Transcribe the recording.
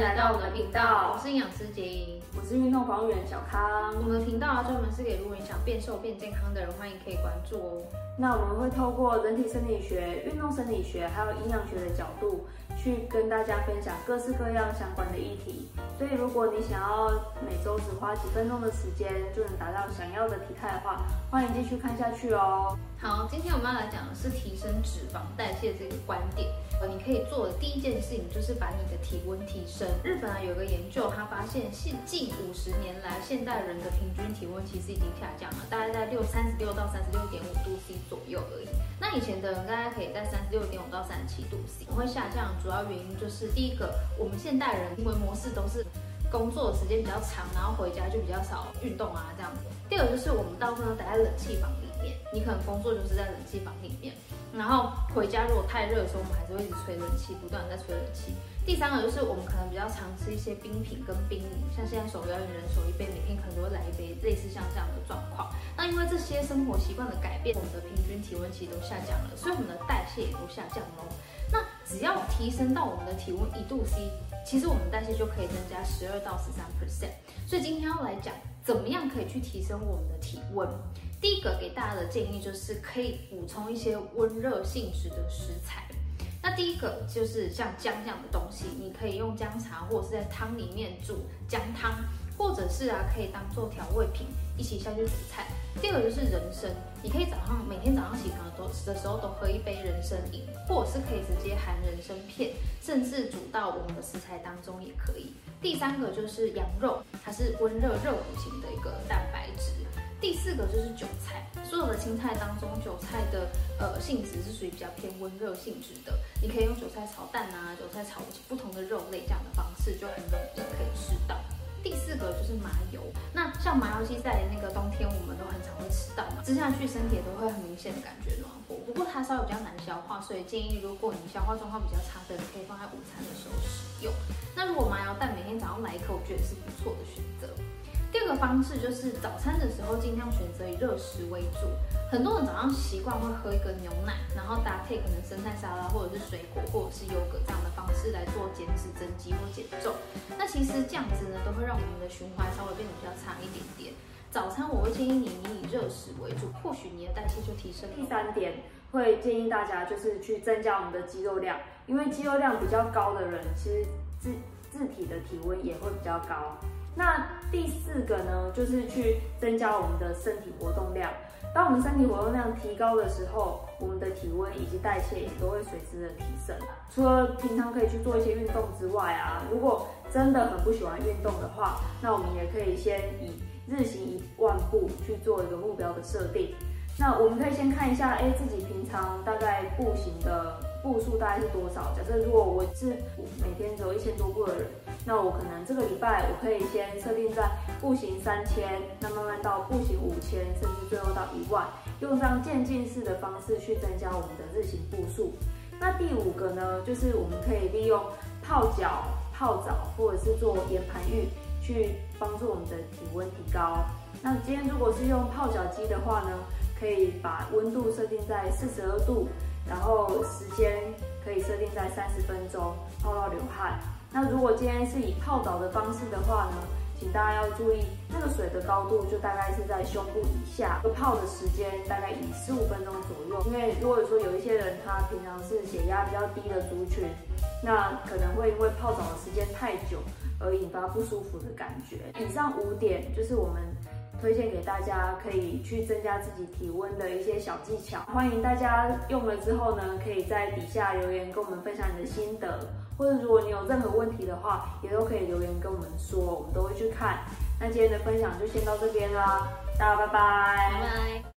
來到我們的頻道，我，頻道我是營養師杰，我是運動防護員小康。我們的頻道專、啊、門是給，如果你想變瘦、變健康的人，歡迎可以關注哦。那我們會透過人體生理學、運動生理學還有營養學的角度。去跟大家分享各式各樣相關的議題，所以如果你想要每週只花幾分鐘的時間就能達到想要的體態的話，歡迎繼續看下去哦。好，今天我們要來講的是提升脂肪代謝這個觀點。呃，你可以做的第一件事情就是把你的體溫提升。日本啊有一個研究，他發現現近五十年來現代人的平均體溫其實已經下降了，大概在六三十六到三十六點五度 C 左右而已。那以前的人大概可以在三十六點五到三十七度 C，我會下降。主要原因就是第一個，我們現代人因為模式都是工作的時間比較長，然後回家就比較少運動啊這樣子。第二就是我們大部分都待在冷氣房裡面，你可能工作就是在冷氣房裡面，然後回家如果太熱的時候，我們還是會一直吹冷氣，不斷在吹冷氣。第三個就是我們可能比較常吃一些冰品跟冰飲，像現在手搖飲、人手一杯，每天可能都會來一杯，類似像這樣的狀況。那因為這些生活習慣的改變，我們的平均體溫其實都下降了，所以我們的代謝也都下降了。那只要提升到我們的體溫一度 C，其實我們代謝就可以增加十二到十三 percent。所以今天要來講，怎麼樣可以去提升我們的體溫。第一個給大家的建議就是可以補充一些溫熱性質的食材。那第一個就是像薑這樣的東西，你可以用薑茶，或者是在湯裡面煮薑湯。或者是啊，可以當做調味品一起下去煮菜。第二個就是人參，你可以早上每天早上起床、啊、都吃的時候都喝一杯人參飲，或者是可以直接含人參片，甚至煮到我們的食材當中也可以。第三個就是羊肉，它是溫熱熱補型的一個蛋白質。第四個就是韭菜，所有的青菜當中，韭菜的呃性質是屬於比較偏溫熱性質的，你可以用韭菜炒蛋啊，韭菜炒不同的肉類，這樣的方式就很。是麻油，那像麻油雞在那個冬天，我們都很常會吃到嘛，吃下去身體也都會很明顯的感覺暖和。不過它稍微比較難消化，所以建議如果你消化狀況比較差的，可以放在午餐的時候食用。那如果麻油蛋每天早上來一顆，我覺得是不錯的選擇。第二個方式就是早餐的時候盡量選擇以熱食為主。很多人早上習慣會喝一個牛奶，然後搭配可能生菜沙拉或者是水果或者是優格這樣的方式來做減脂增肌或減重。那其實這樣子呢，都會讓我們的循環稍微變得比較差一點點。早餐我會建議你，你以熱食為主，或許你的代謝就提升了。第三點會建議大家就是去增加我們的肌肉量，因為肌肉量比較高的人，其實自自體的體溫也會比較高。那第四個呢，就是去增加我們的身體活動量。當我們身體活動量提高的時候，我們的體溫以及代謝也都會隨之的提升。除了平常可以去做一些運動之外啊，如果真的很不喜歡運動的話，那我們也可以先以日行一萬步去做一個目標的設定。那我們可以先看一下，哎、欸，自己平常大概步行的步數大概是多少？假設如果我是每天只有一千多步的人，那我可能這個禮拜我可以先設定在步行三千，那慢慢到步行五千，甚至最後到一萬，用這樣漸進式的方式去增加我們的日行步數。那第五個呢，就是我們可以利用泡腳、泡澡或者是做岩盤浴去幫助我們的體溫提高。那今天如果是用泡腳機的話呢，可以把溫度設定在四十二度。然後時間可以設定在三十分鐘，泡到流汗。那如果今天是以泡澡的方式的話呢，請大家要注意那個水的高度，就大概是在胸部以下，泡的時間大概以十五分鐘左右。因為如果說有一些人他平常是血壓比較低的族群，那可能會因為泡澡的時間太久而引發不舒服的感覺。以上五點就是我們。推薦給大家可以去增加自己體溫的一些小技巧，歡迎大家用了之後呢，可以在底下留言跟我們分享你的心得，或者如果你有任何問題的話，也都可以留言跟我們說，我們都會去看。那今天的分享就先到這邊啦，大家拜拜。拜拜。